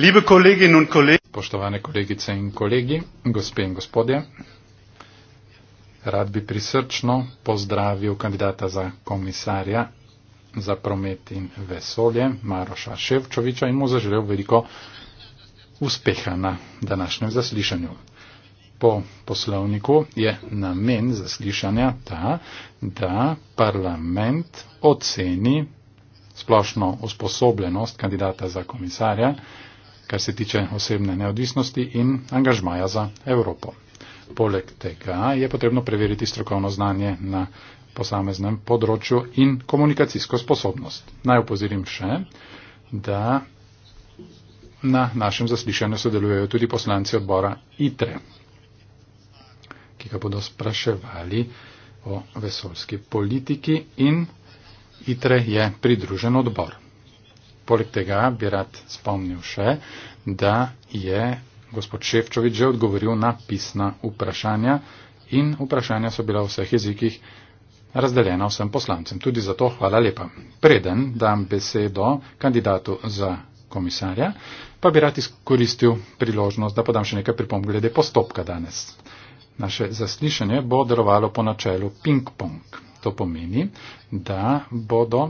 Liebe Kolleginnen und Kollegen, spoštovane kolegice in kolegi, gospe in gospodje, rad bi prisrčno pozdravil kandidata za komisarja za promet in vesolje Maroša Ševčoviča in mu zaželel veliko uspeha na današnjem zaslišanju. Po poslovniku je namen zaslišanja ta, da parlament oceni splošno usposobljenost kandidata za komisarja kar se tiče osebne neodvisnosti in angažmaja za Evropo. Poleg tega je potrebno preveriti strokovno znanje na posameznem področju in komunikacijsko sposobnost. Naj opozorim še, da na našem zaslišanju sodelujejo tudi poslanci odbora ITRE, ki ga bodo spraševali o vesoljski politiki in ITRE je pridružen odbor. Poleg tega bi rad spomnil še, da je gospod Ševčovič že odgovoril na pisna vprašanja in vprašanja so bila v vseh jezikih razdeljena vsem poslancem. Tudi zato hvala lepa. Preden dam besedo kandidatu za komisarja, pa bi rad izkoristil priložnost, da podam še nekaj pripomb glede postopka danes. Naše zaslišanje bo delovalo po načelu ping-pong. To pomeni, da bodo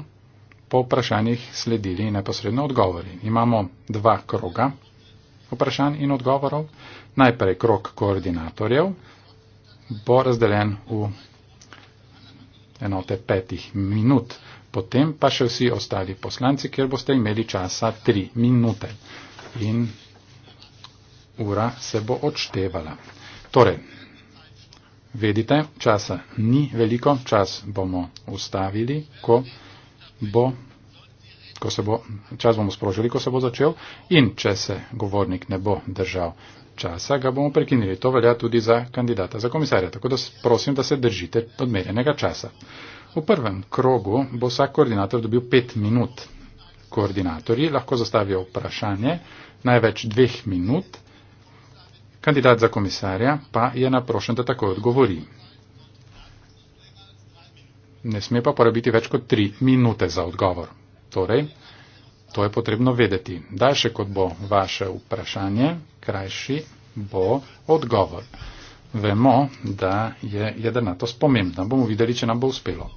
po vprašanjih sledili neposredno odgovori. Imamo dva kroga vprašanj in odgovorov. Najprej krog koordinatorjev bo razdeljen v enote petih minut, potem pa še vsi ostali poslanci, kjer boste imeli časa tri minute in ura se bo odštevala. Torej, vedite, časa ni veliko, čas bomo ustavili, ko bo, ko se bo, čas bomo sprožili, ko se bo začel in če se govornik ne bo držal časa, ga bomo prekinili. To velja tudi za kandidata za komisarja, tako da prosim, da se držite odmerjenega časa. V prvem krogu bo vsak koordinator dobil pet minut. Koordinatorji lahko zastavijo vprašanje največ dveh minut, kandidat za komisarja pa je naprošen, da takoj odgovori ne sme pa porabiti več kot tri minute za odgovor. Torej, to je potrebno vedeti. Daljše kot bo vaše vprašanje, krajši bo odgovor. Vemo, da je jedrnatost pomembna. Bomo videli, če nam bo uspelo.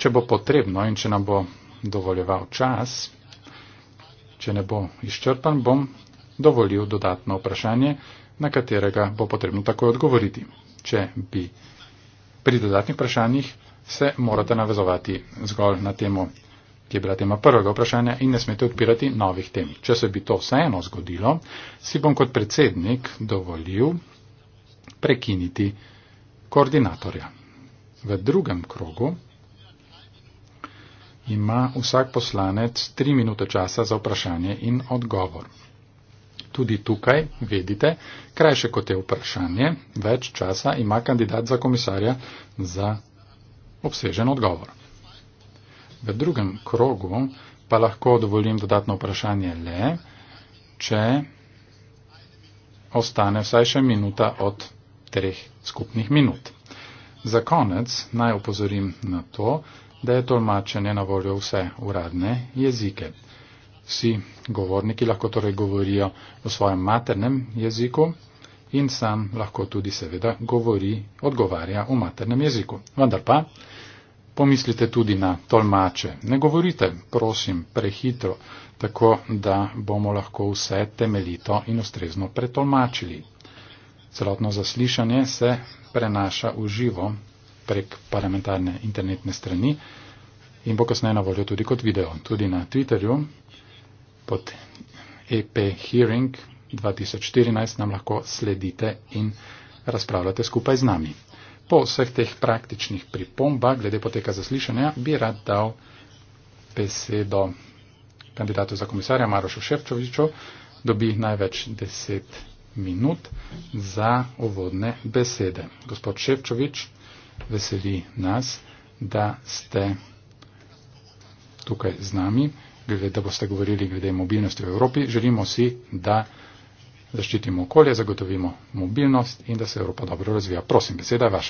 Če bo potrebno in če nam bo dovoljeval čas, če ne bo izčrpan, bom dovolil dodatno vprašanje, na katerega bo potrebno takoj odgovoriti. Če bi pri dodatnih vprašanjih se morate navezovati zgolj na temo, ki je bila tema prvega vprašanja in ne smete odpirati novih tem. Če se bi to vseeno zgodilo, si bom kot predsednik dovolil prekiniti koordinatorja. V drugem krogu ima vsak poslanec tri minute časa za vprašanje in odgovor. Tudi tukaj, vedite, krajše kot je vprašanje, več časa ima kandidat za komisarja za obsežen odgovor. V drugem krogu pa lahko dovolim dodatno vprašanje le, če ostane vsaj še minuta od treh skupnih minut. Za konec naj opozorim na to, da je tolmačenje na voljo vse uradne jezike. Vsi govorniki lahko torej govorijo v svojem maternem jeziku, in sam lahko tudi seveda govori, odgovarja v maternem jeziku. Vendar pa pomislite tudi na tolmače. Ne govorite, prosim, prehitro, tako da bomo lahko vse temeljito in ustrezno pretolmačili. Celotno zaslišanje se prenaša v živo prek parlamentarne internetne strani in bo kasneje na voljo tudi kot video, tudi na Twitterju pod ep hearing 2014 nam lahko sledite in razpravljate skupaj z nami. Po vseh teh praktičnih pripombah glede poteka zaslišanja bi rad dal besedo kandidatu za komisarja Marošu Ševčoviču, dobi največ deset minut za uvodne besede. Gospod Ševčovič, veseli nas, da ste tukaj z nami, glede, da boste govorili glede mobilnosti v Evropi. Želimo si, da zaščitimo okolje, zagotovimo mobilnost in da se Evropa dobro razvija. Prosim, beseda je vaša.